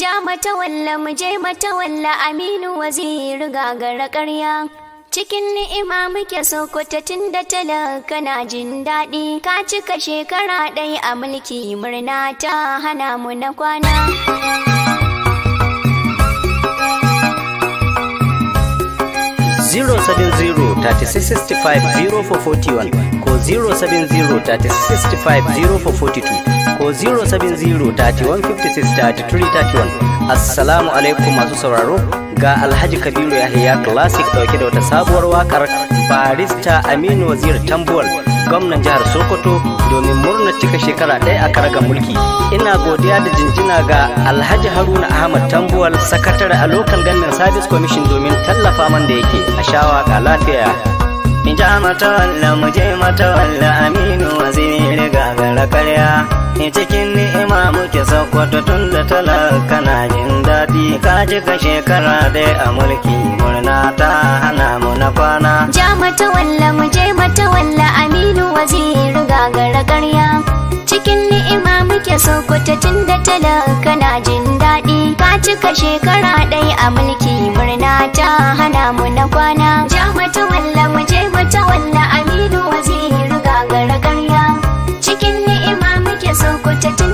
Ja mata walla mu je mata walla Aminu waziri gagara ƙarya. Cikin ni'ima muke sokoto tun da talaka na jin daɗi, ka cika shekara ɗaya a mulki murna ta hana mu na kwana. zero seven zero thirty six sixty five zero four forty one. 070 ko 070 Assalamu alaikum masu sauraro ga Alhaji Kabiru Yahya Classic dauke da wata sabuwar wakar barista Aminu Wazir Tambuwal gwamnan jihar Sokoto domin murnar cika shekara ɗaya a karagar mulki. Ina godiya da jinjina ga Alhaji Haruna Ahmad Tambuwal sakatare a lokal gannin Service Commission domin tallafa man da yake a shawa ga lafiya. ja matawalla mu je matawalla aminu waziri gagara karya ni cikin ni'ima muke sakwato tun da talaka na jin daɗi ka ji ka shekara dai a mulki murna ta hana mu na kwana ja matawalla mu je matawalla aminu waziri gagara karya cikin ni'ima muke sokoto tun da talaka na jin daɗi ka cika shekara ɗaya a mulki murna ta hana mu na kwana ja mata walla mu je mata walla aminu waziri ga karya cikin ni'ima muke sokoto tun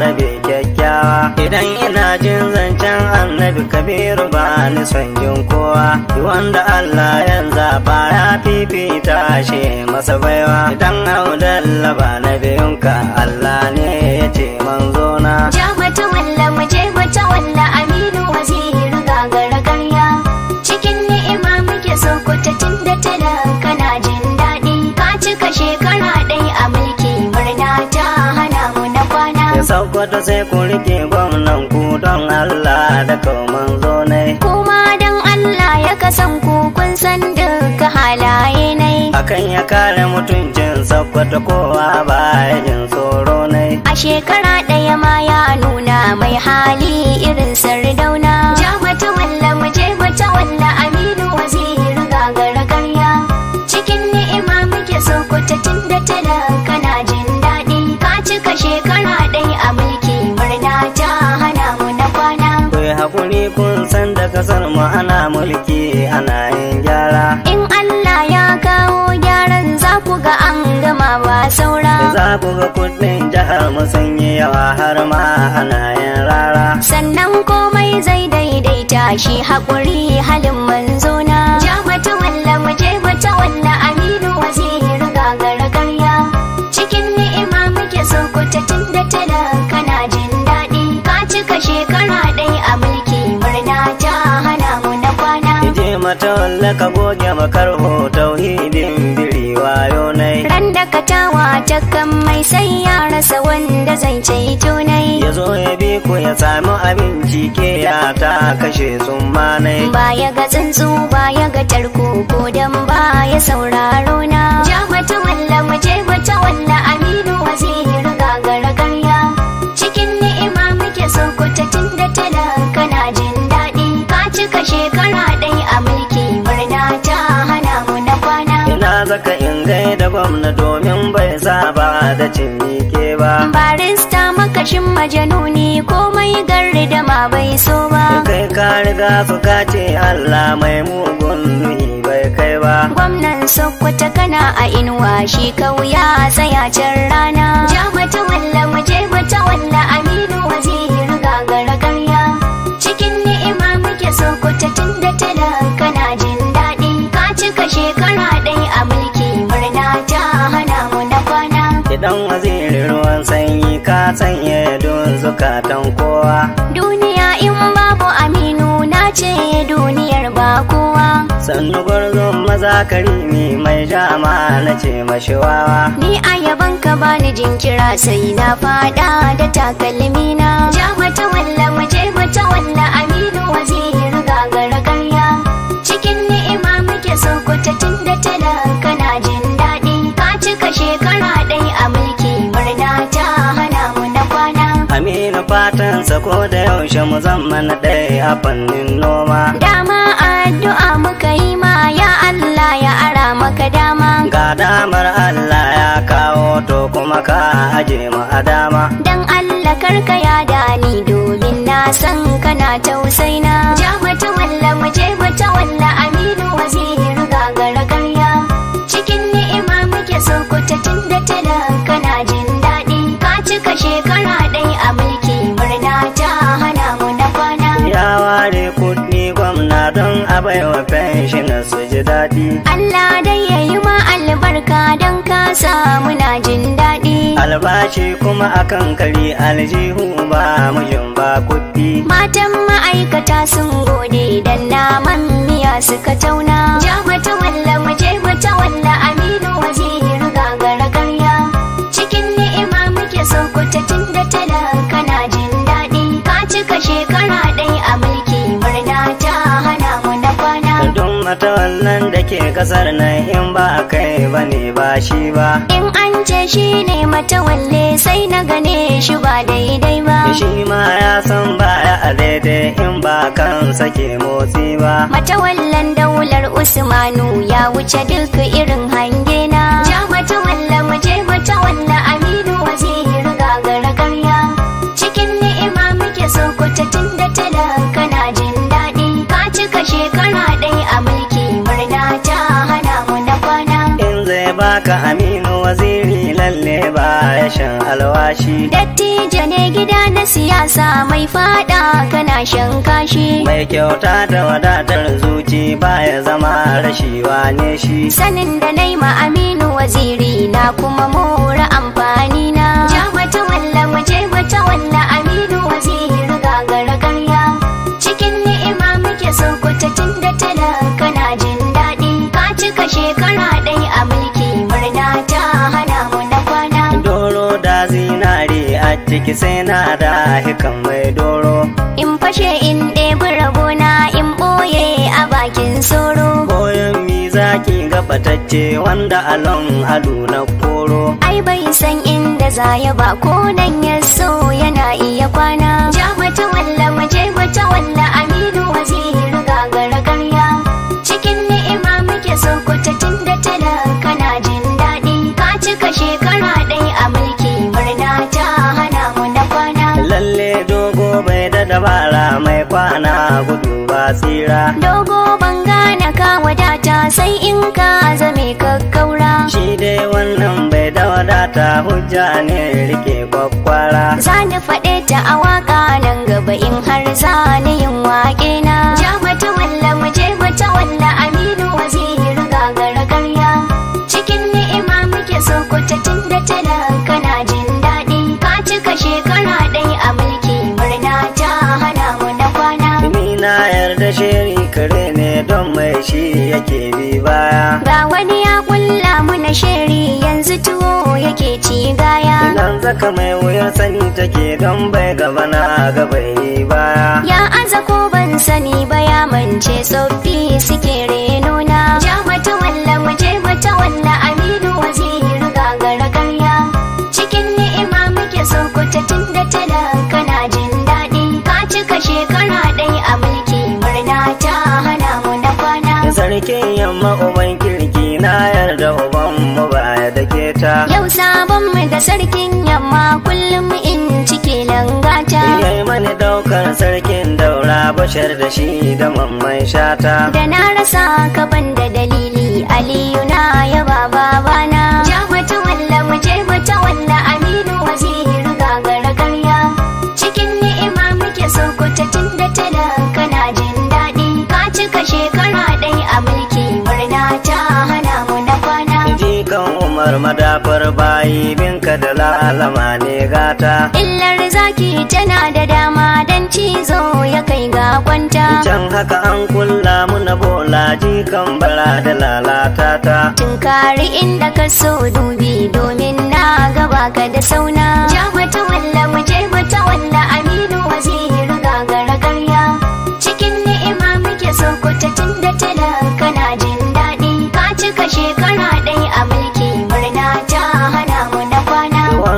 rabe kyakkyawa idan ina jin zancen annabi kabiru ba ni son jin kowa wanda Allah ya zaba ya fifita shi masa baiwa idan audalla ba na biyunka Allah ne ya ce manzona wata sai ku rike nan ku don Allah da kaman zo ne. Kuma don Allah ya kasan ku kun san duka halaye ne. Akan ya kare mutuncin sabbata kowa ba jin tsoro ne. A shekara ɗaya ma ya nuna mai hali irin sardauna. Ja mutum walla mu je ta walla aminu waziri gagara karya. Cikin ni'ima muke sokoto tun da tana kana jin daɗi ka cika shekara. kun san da kasar mu ana mulki ana yin gyara. In Allah ya kawo gyaran za ku ga an gama ba saura. Za ku ga kuɗin jihar mu sun yi yawa har ma ana yin rara. Sannan komai zai daidaita shi haƙuri halin manzo matawalla ka goge makarho tauhidin biri wayo nai ran da ka tawa takan mai sai ya rasa wanda zai ce tunai ya zo ya bi ku ya samu abinci ke ya ta kashe zumanai. Ba ya ga tsuntsu ba ya ga tarko ko dan baya sauraro na ja walla mu je walla aminu waziri bai saba da cinike ba. Barista makashin majanuni komai garri da ma bai so ba. Kai ka riga suka ce? Allah mai mugun nuhi bai kai ba. Gwamnan Sokoto kana a inuwa shi kauya a tsaya can rana. Ja mata walla muje mata walla Aminu waziri gagara garagarya Cikin ni'ima muke Sokoto tun da tana dan wazirin ruwan sanyi ka sanya don zukatan kowa duniya in babu aminu na ce duniyar ba kowa sannu gwarzon maza karimi mai jama na ce mashiwawa ni a yaban ka bani jinkira sai na fada da takalmi na. ja mata walla mu mata walla aminu wazirin gagara karya cikin ni'ima muke sokoto tun da tana kana jin daɗi ka cika shekara matansa ko da yaushe mu zama na ɗaya a fannin noma. Dama addu'a muka yi ma ya Allah ya ara maka dama. Ga damar Allah ya kawo to kuma ka aje mu a dama. Dan Allah karka ya dani domin na san kana tausai na Ja mata walla mu je mata walla aminu waziri gagara karya. Cikin ni'ima muke so ku ta tunda tele. ka bai na fenshin su ji daɗi. Allah dai ya yi ma albarka don ka samu na jin daɗi. Albashi kuma akan kari aljihu ba yin ba kuɗi. Matan ma'aikata sun gode dan naman miya suka tauna. Ja mata walla muje mata walla aminu wannan da ke kasar nan in ba a kai ba ne ba shi ba in an ce shi ne mace-walle sai na gane shi ba daidai ba shi ma ya san ba ya a daidai in ba kan sake motsi ba wallan daular usmanu ya wuce duk irin hange na ja matawalla mu je matawalla aminu riga gagara gargarya cikin ni'ima muke so tun da tada. Kara ɗaya a mulki murna ta hana mu na kwana in zai baka aminu waziri lalle ba ya shan alwashi dattija ne gida na siyasa mai faɗa kana shan kashi mai kyauta da wadatar zuci ba ya zama rashi wane shi sanin da na ma aminu waziri na kuma mora amfani na ja mata walla waje mata walla aminu waziri ga karya cikin ni'ima muke sokoto? cika shekara ɗaya a mulki murna ta hana mu na kwana. Doro da zinare a ciki sai na rahi kan mai doro. In fashe in ɗebi rabona in ɓoye a bakin soro. Koyon mi zaki ga fatacce wanda alon halu na koro. Ai bai san inda zaya ba ko nan ya yana iya kwana. Ja mata walla maje mata walla aminu. da kana na jin daɗi ka cika shekara ɗaya a mulki birna ta hana mu na kwana lalle dogo bai da dabara mai kwana gudu ba tsira dogo ban gane ka wadata sai in ka zame kakkaura shi dai wannan bai da wadata hujja ne rike kwakwara za ni faɗe ta a waka nan gaba in har za ni yin waƙe na zaka mai wuyar sani take don bai gaba na gaba yi baya ya aza ko ban sani ba ya mance tsoffi suke reno na ja mata walla muje mata walla aminu waziri gagara karya cikin ni'ima muke sokuta tun da Kana kana jin daɗi ka cika shekara ɗai a mulki murna ta hana mu na kwana sarkin yamma sarkin yamma kullum in cike langata Yai mani daukar sarkin daura bashar da shi da mamman shata da na rasa ka da dalili aliyu na ya yaba babana jahwata walla mujahwata walla aminu riga gara karya cikin ni'ima muke sokuta tun da tana kana jin daɗi ka cika shekara Kofar madafar bayi ka da lalama ne gata. Illar zaki tana da dama dan cizo ya kai ga kwanta. Can haka an kulla muna bolaji kan bara da lalata ta. Tunkari inda ka so dubi domin na gaba ka da sauna. Ja mata walla mu je mata walla aminu ga gagara Cikin ni'ima muke so tun da tana kana jin daɗi. Ka cika shekaru.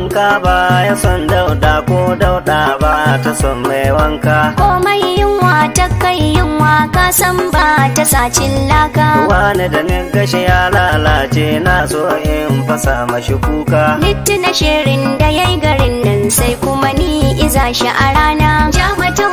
wanka ba ya son dauda ko dauda ba ta son mai wanka komai yunwa ta kai yunwa ka san ba ta sacin laka wani da ni gashi ya lalace na so in fasa mashi kuka littina shirin da yayi garin nan sai kuma ni iza shi a rana ja mata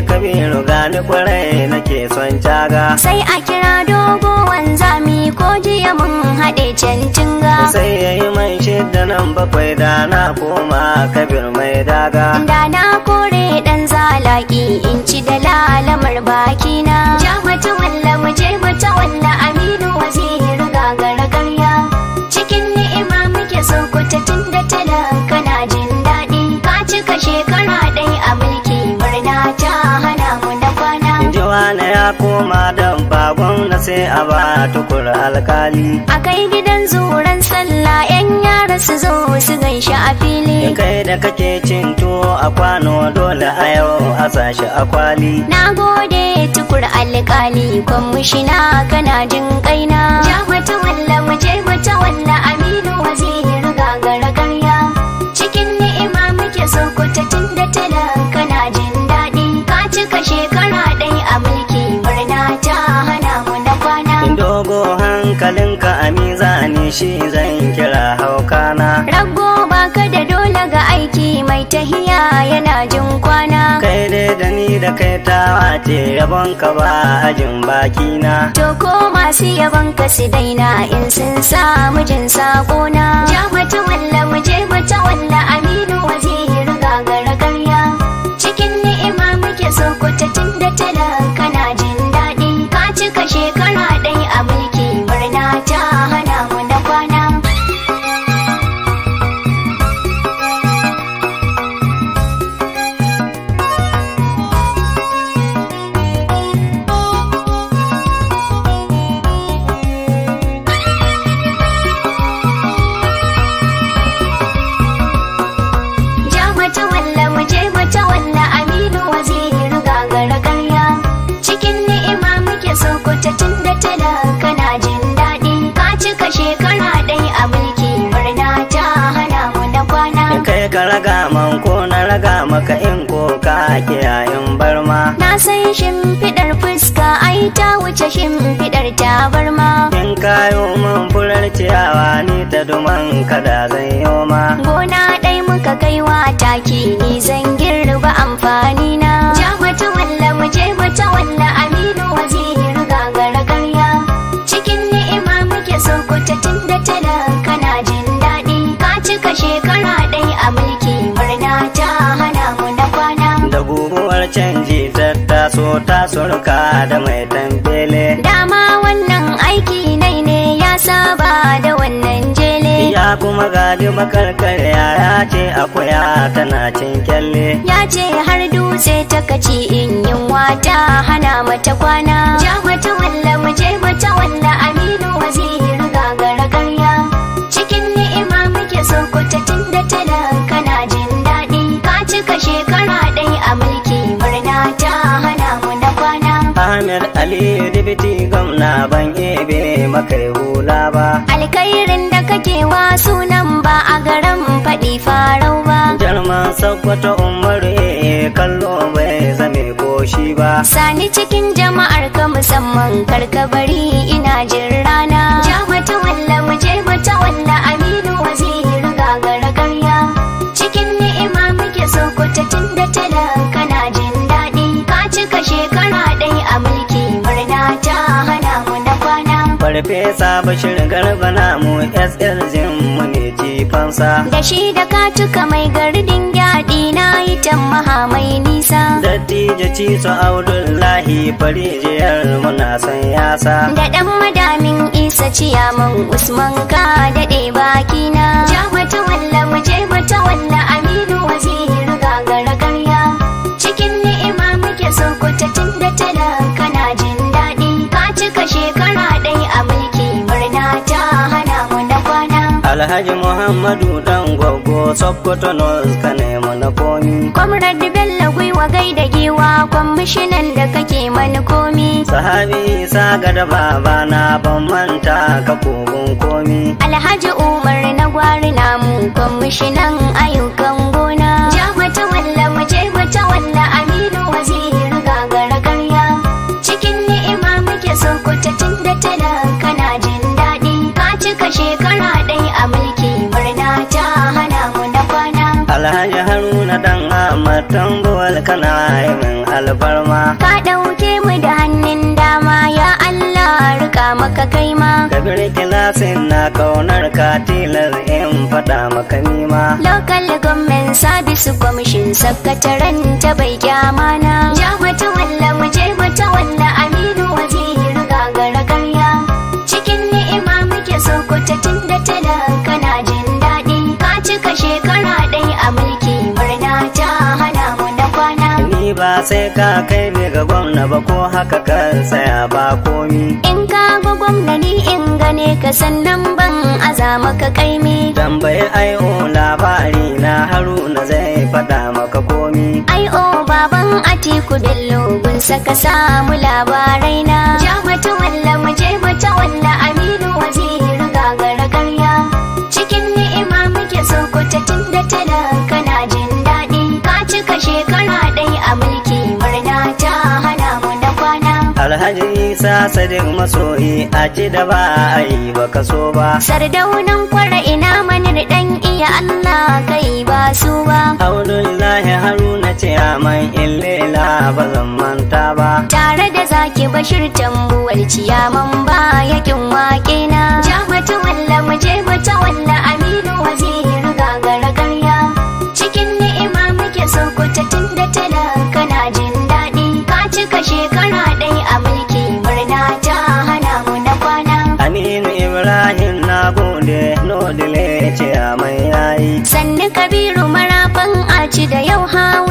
kabiru gani kwarai nake son caga sai a kira dogo wanzami ko jiya mun haɗe cancinga sai ya yi mai shidda nan bakwai da na koma kabir mai daga da na kore ɗan zalaki in ci da lalamar bakina ja mace walla mu je mace walla aminu waziri gagara cikin ni'ima muke sokuta tun da talaka na jin daɗi ka cika shekara koma dan ba sai a ba tukur alkali a kai gidan zuran sallah yan yara su zo su ganshi a fili kai da kake cin tuwo a kwano dole a yau a sashi a kwali na gode tukur alkali na kana jin kaina ja mata walla mu je mata walla aminu waje Shit. cikin ni'ima muke da jin daɗi ka shi zan kira haukana rago baka da dole ga aiki mai tahiya yana jin kwana kai dai da ni da kai ta wace rabon ka ba ajin baki na to ko masu yabon ka su daina in sun sa mijin na. ja mata walla mu je mata walla aminu riga gagara garya. cikin ni'ima muke so ko ta tunda tana kana jin daɗi ka cika shekara ɗaya a mulki ake yayin barma na san shimfiɗar fuska ai ta wuce shimfiɗar tabarma in kayo min furar ciyawa ni ta duman kada zan yi ma gona ɗai muka kaiwa taki ne ta suruka da mai tambele dama wannan aiki nai ne ya saba da wannan jele ya kuma gadi makarkar ya ce akuya tana cin kyalle ya ce har dutse ta kaci in yin wata hana mata kwana ja mata walla mu je mata walla amin dibiti gamna ban ebe makai hula ba. Alkairin da kake wa sunan ba a garin faɗi farau ba. Jalman sabbata umaru iya eh, kallo bai zame koshi ba. Sani cikin jama'ar ka musamman karkabari ina jin rana. Ja mata walla mu je mata walla aminu waziri ga karya. Cikin ni'ima muke so tun da tana kana jin daɗi. Ka cika shekara fesa bashir garba mu sl mu mai jifansa da shi da katuka mai gardin yaɗi na yi maha mai nisa dattija ci su audullahi farijiyar muna san yasa da ɗan madamin isa ciyaman usman ka daɗe na Alhaji Muhammadu dan gwaggo Sokoto North ka nema na komi. Comrade Bello gwiwa gaida giwa kwamishinan da kake mani komi. Sahabi isa ga da babana ban manta ka kogon komi. Alhaji Umar na gwari namu kwamishinan ayyukan gona. Jama ta walla waje ta walla Aminu waziri gagara karya. Cikin ni'ima muke Sokoto tun da tana kana jin daɗi. Ka cika shekara ɗaya alhaji haruna dan amatan gowal kana min albarma ka ɗauke mu da hannun dama ya allah rika maka kai ma biri kilasin na kaunar ka tilar in fada maka nima local government service commission sakataren ta bai kyama na ja mata walla mu je mata walla aminu riga gagara karya cikin ni'ima muke sokoto tun da tana kana jin daɗi ka cika shekara ba sai ka kai ni ga gwamna ba ko haka ka tsaya ba komi in ka ga gwamna ni in gane ka sannan ban aza maka kaimi tambayi ai o labari na haruna zai faɗa maka komi ai o baban atiku bello gunsa ka samu labarai na ja mata walla mu je mata walla amina alhaji sa sadin masoyi a ci da ba a yi ba kaso ba sardaunan kwara ina manir dan iya allah kai ba su ba abdullahi haruna ce in illela ba zan manta ba tare da zaki bashir tambuwar ciyaman ba yakin wake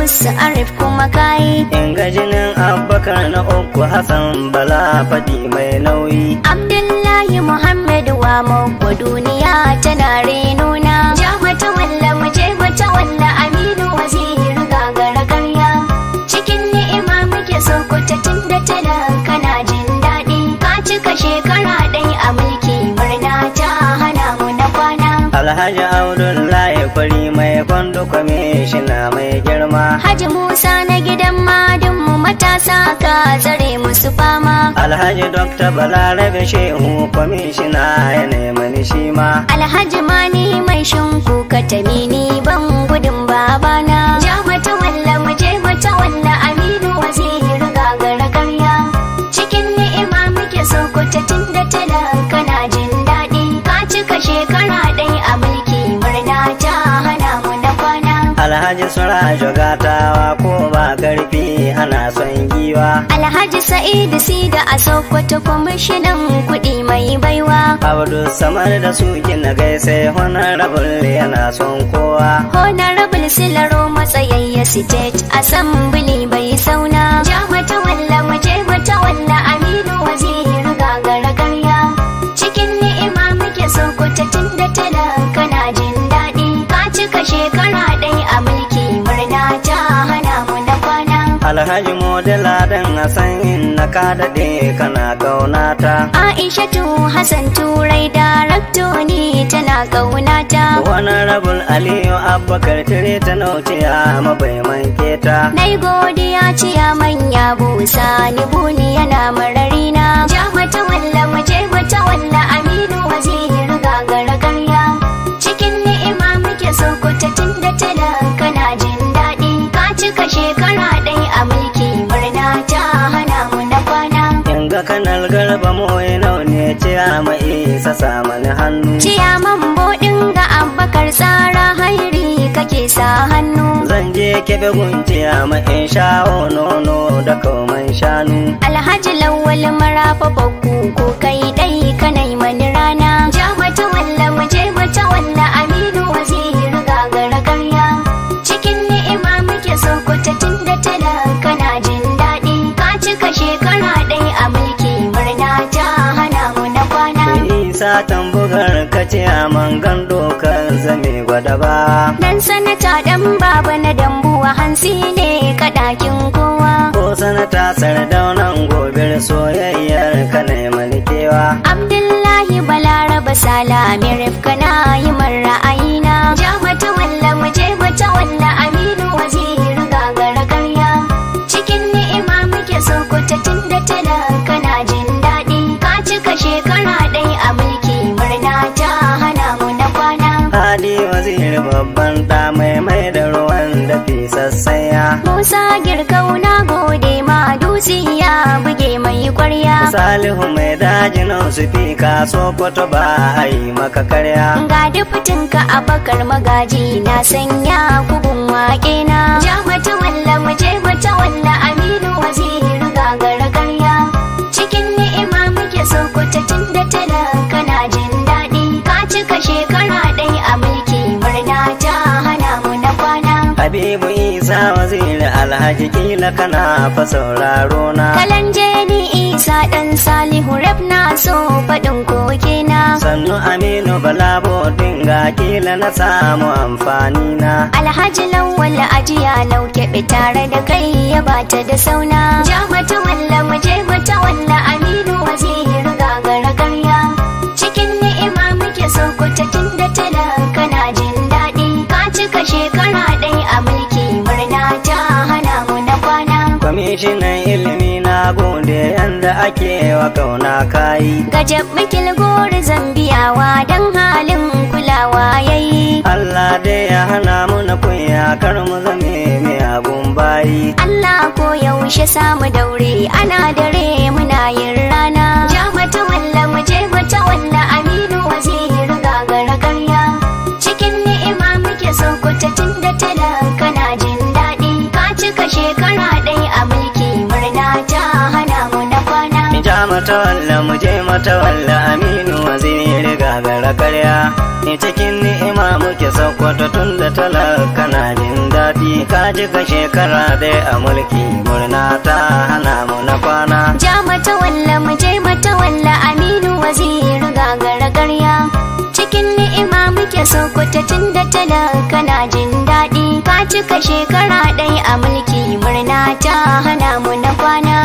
su arif kuma kayi in ga jinin abubakar na uku hassan bala fadi mai nauyi abdullahi muhammadu wa mawa duniya tana renuna ja mata walla mu je mata walla aminu wazir gagara karya cikin ni'ima muke ta tunda tana kana jin daɗi ka cika shekara ɗaya a mulki Alhaji Abdullahi Kuri mai kwando kwamishina mai girma. Haji Musa na gidan madin mu matasa ka tsare musu fama. Alhaji Dokta Balarabe Shehu kwamishina ya mani shi ma. Alhaji Mani mai shinku ka tamini ban gudun babana. Matawa ko ba karfi ana son giwa. Alhaji Sa'idu Sida a Sokoto kwamishinan kuɗi mai baiwa. Abdu samar da suki na gaisa honorable yana son kowa. Honorable Silaro matsayayya state assembly bai sauna. Ja mata walla mace je mata walla Aminu wazirin gagara ragarya. Cikin ni'ima muke Sokoto tun da talaka kana jin daɗi. Ka cika shekaru. alhaji modela dan a san inna ka daɗe kana ƙaunata. Aisha tu Hassan Turai darakto ni tana ƙaunata. Wani rabin Aliyu Abubakar tire ta a mabai manke ta. Nai godiya ciya manya busa ni buni yana mara kanal garba nau ne ciya mai isa samun hannu ciya man bodin ga Abakar tsara hairi kake sa hannu zan je kebe gunciya mai shawo nono da kaman shanu alhaji lawal marafa bakku ko kai dai kanai mani rana ja mata walla mace je mata walla fatan bugar kace a mangan dokar zame gwada ba. Dan sanata dan baba na dambuwa hansi ne kadakin kowa. Ko sanata sardaunan gobir soyayyar ka ne malkewa. Abdullahi Balaraba Sala Mirif kana yi ra'ayina. Ja mata walla mu je mata walla bi sassaya musa girkauna gode ma dusiya buge mai kwarya salihu mai dajin su fi kaso kwato ba a yi maka karya ga dufutinka a bakar magaji na sanya kubun wake na ja mata walla muje mata walla habibu isa waziri alhaji kila kana fa sauraro na kalanje ni isa dan salihu Reb na so fadin koke na sannu aminu balabo dinga kila na samu amfani na alhaji lawal ajiya lauke tare da kai ya bata da sauna ja mata walla mu je mata walla ake wa kauna kayi gajab mikil gori zambiyawa don halin kulawa yayi Allah dai ya hana muna na kunya kar mu zame mai abun bayi Allah ko yaushe samu daure ana dare muna yin rana ja mata walla mu je mata walla aminu waziri gagara karya cikin ni'ima muke so ku matawalla mu je matawalla aminu waziri gara karya ni cikin ni'ima muke sakwata tun da talaka na jin daɗi ka ji ka shekara dai a mulki murna ta hana mu na kwana ja matawalla mu je matawalla aminu waziri gara karya cikin ni'ima muke sakwata tun da talaka na jin daɗi ka cika shekara dai a mulki murna ta hana mu na kwana